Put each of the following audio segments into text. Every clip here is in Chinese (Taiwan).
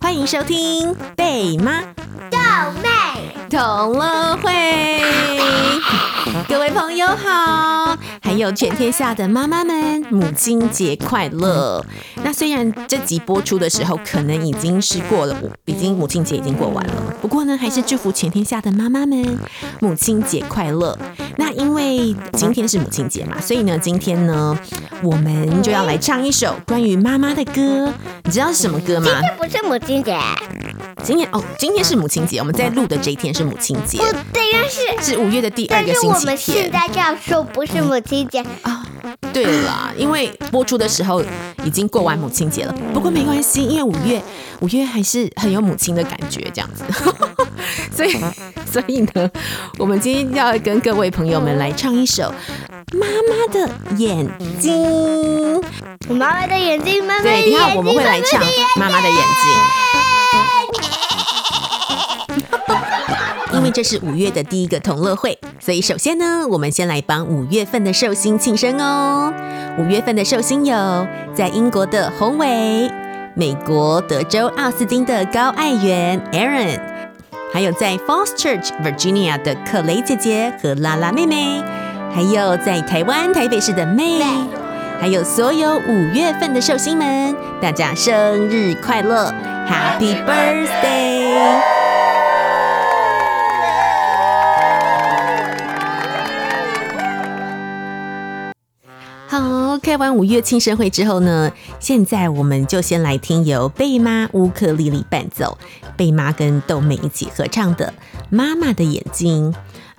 歡迎收聽貝媽豆妹同樂會，各位朋友好，還有全天下的媽媽們，母親節快樂！那雖然這集播出的時候，可能已經是過了，已經母親節已經過完了，不過呢，還是祝福全天下的媽媽們，母親節快樂。那因為今天是母親節嘛，所以呢，今天呢，我們就要來唱一首關於媽媽的歌。你知道是什麼歌嗎？今天不是母親節。嗯。今天哦，今天是母親節，我們在錄的這一天是母親節。對呀，是是五月的第二個星期天。我們現在這樣說不是母親節啊？對了啦，因為播出的時候已經過完母親節了。不過沒關係，因為五月，五月還是很有母親的感覺，這樣子。呵呵所以，所以呢，我們今天要跟各位朋友們來唱一首《媽媽的眼睛》，我媽媽的眼睛，媽媽的眼睛，對，然後我們會來唱《媽媽的眼睛》。媽媽的眼睛 因為這是五月的第一個同樂會，所以首先呢，我們先來幫五月份的壽星慶生哦。五月份的壽星有在英國的宏偉，美國德州奧斯丁的高艾媛、Erin 還有在 Falls Church, Virginia 的可蕾姐姐和拉拉妹妹，還有在台灣台北市的 May，還有所有五月份的壽星們，大家生日快樂，Happy Birthday！開完五月慶生會之後呢，現在我們就先來聽由貝媽烏克麗麗伴奏，貝媽跟豆妹一起合唱的《媽媽的眼睛》。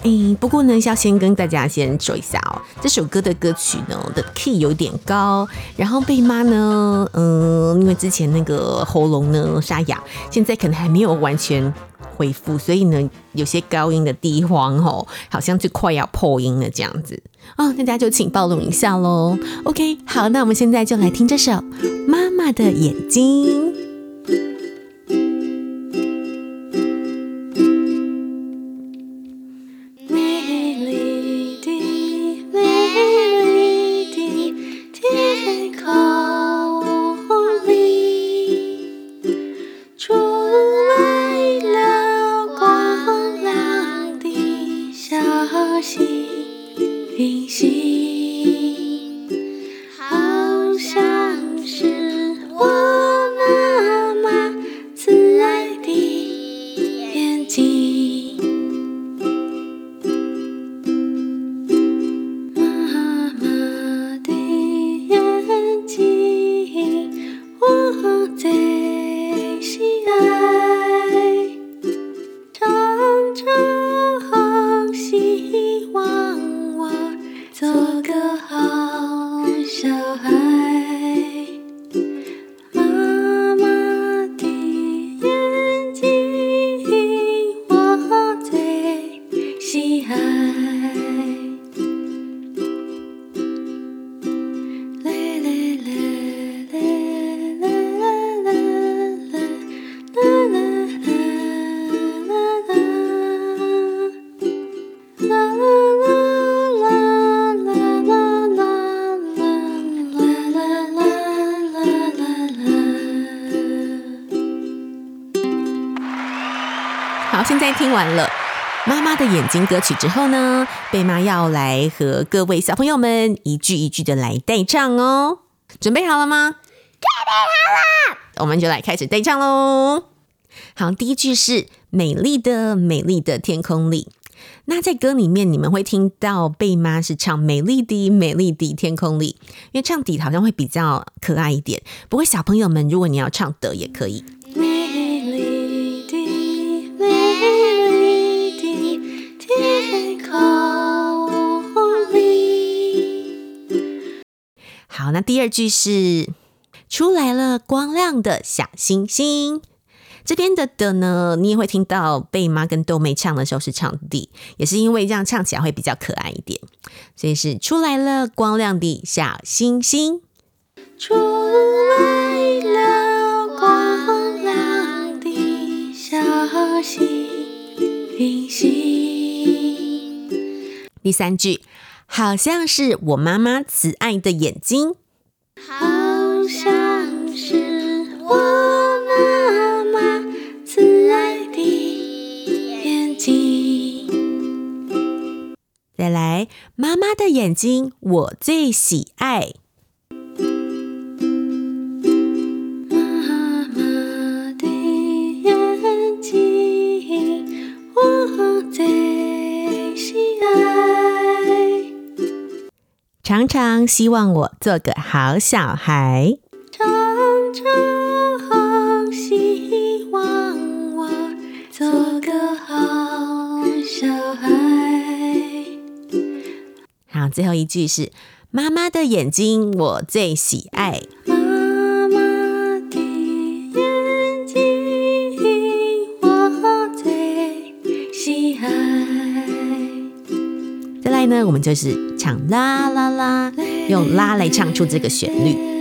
哎，不過呢，要先跟大家先說一下哦，這首歌的歌曲呢的 key 有點高，然後貝媽呢，嗯，因為之前那個喉嚨呢沙啞，現在可能還沒有完全恢復，所以呢，有些高音的地方哦，好像就快要破音了這樣子。哦，大家就請包容一下嘍。OK，好，那我們現在就來聽這首《媽媽的眼睛》。現在聽完了《媽媽的眼睛》歌曲之後呢，貝媽要來和各位小朋友們一句一句的來帶唱哦，準備好了嗎？準備好了，我們就來開始帶唱嘍。好，第一句是“美麗的美麗的天空裡”。那在歌裡面，你們會聽到貝媽是唱“美麗的美麗的天空裡”，因為唱低好像會比較可愛一點。不過小朋友們，如果你要唱的也可以。那第二句是出來了光亮的小星星，這邊的的呢，你也會聽到貝媽跟豆妹唱的時候是唱的，也是因為這樣唱起來會比較可愛一點，所以是出來了光亮的小星星。出來了光亮的小星星。星星星，第三句好像是我媽媽慈愛的眼睛。好像是我媽媽慈愛的眼睛。再來，來，媽媽的眼睛，我最喜愛。常常希望我做個好小孩。常常希望我做個好小孩。好，最後一句是媽媽的眼睛，我最喜愛。我們就是唱啦啦啦，用啦來唱出這個旋律。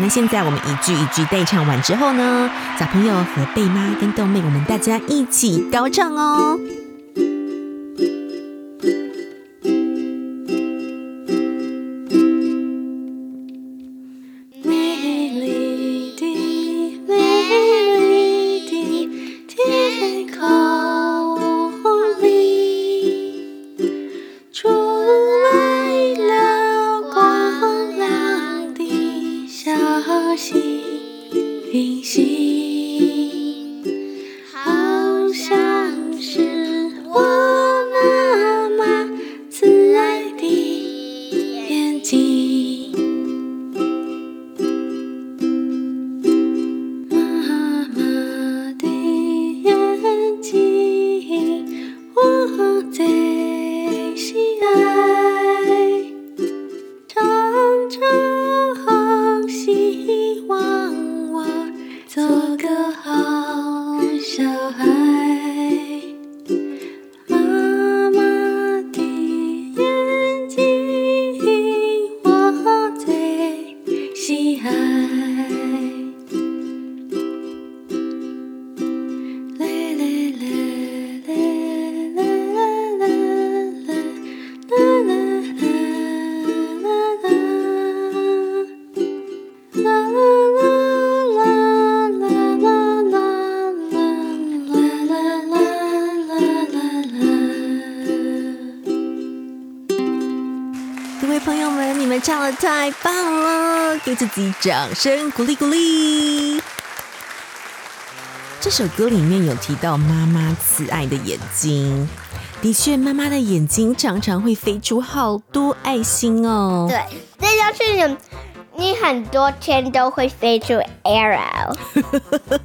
那現在我們一句一句帶唱完之後呢，小朋友和貝媽跟豆妹，我們大家一起高唱哦。唱的太棒了，給自己掌聲鼓勵鼓勵。這首歌裡面有提到媽媽慈愛的眼睛，的確，媽媽的眼睛常常會飛出好多愛心哦。對，這就是你很多天都會飛出 arrow。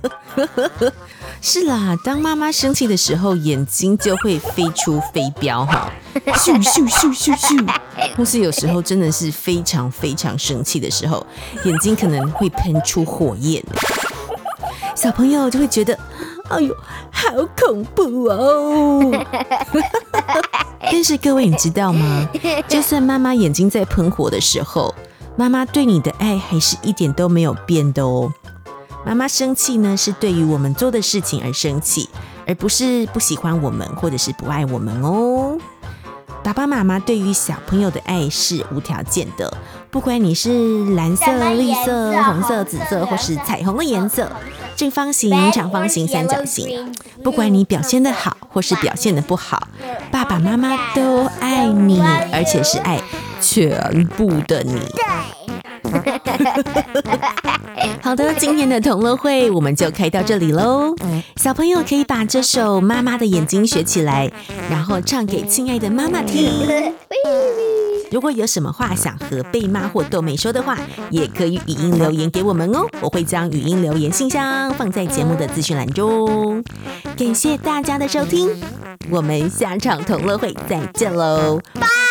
是啦，當媽媽生氣的時候，眼睛就會飛出飛鏢哈。咻咻咻咻咻！或是有時候真的是非常非常生氣的時候，眼睛可能會噴出火焰。小朋友就會覺得，哎呦，好恐怖哦！ 但是各位你知道嗎？就算媽媽眼睛在噴火的時候，媽媽對你的愛還是一點都沒有變的哦。媽媽生氣呢，是對於我們做的事情而生氣，而不是不喜歡我們或者是不愛我們哦。爸爸媽媽對於小朋友的愛是無條件的，不管你是藍色、綠色、紅色、紫色，或是彩虹的顏色；正方形、長方形、三角形，不管你表現得好或是表現得不好，爸爸媽媽都愛你，而且是愛全部的你。 好的，今年的同樂會我們就開到這裡嘍。小朋友可以把這首《媽媽的眼睛》學起來，然後唱給親愛的媽媽聽。如果有什麼話想和貝媽或豆妹說的話，也可以語音留言給我們哦。我會將語音留言信箱放在節目的資訊欄中。感謝大家的收聽，我們下場同樂會再見嘍！拜拜！